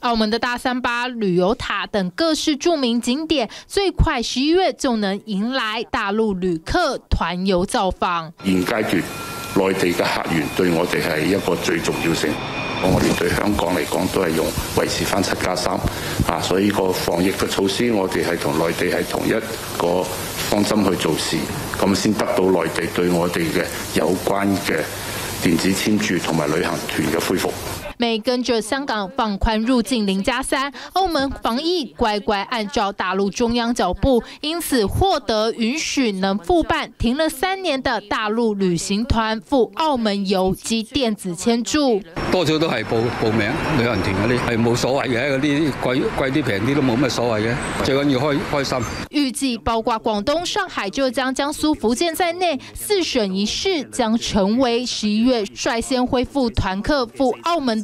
澳門的大三巴、旅遊塔等各式著名景點，最快十一月就能迎來大陸旅客團遊造訪。現階段內地嘅客源對我哋係一個最重要性，我我哋對香港嚟講都係用維持翻七加三啊，所以個防疫嘅措施我哋係同內地係同一個方針去做事，咁先得到內地對我哋嘅有關嘅電子簽注同埋旅行團嘅恢復。美跟着香港放寬入境零加三，3，澳門防疫乖乖按照大陸中央腳步，因此獲得允許能復辦停了三年的大陸旅行團赴澳門遊及電子簽注。多少都係報報名，旅行團嗰啲係冇所謂嘅，嗰啲貴貴啲平啲都冇咩所謂嘅，最緊要開開心。預計包括廣東、上海、浙江、江蘇、福建在內，四省一市將成為十一月率先恢復團客赴澳門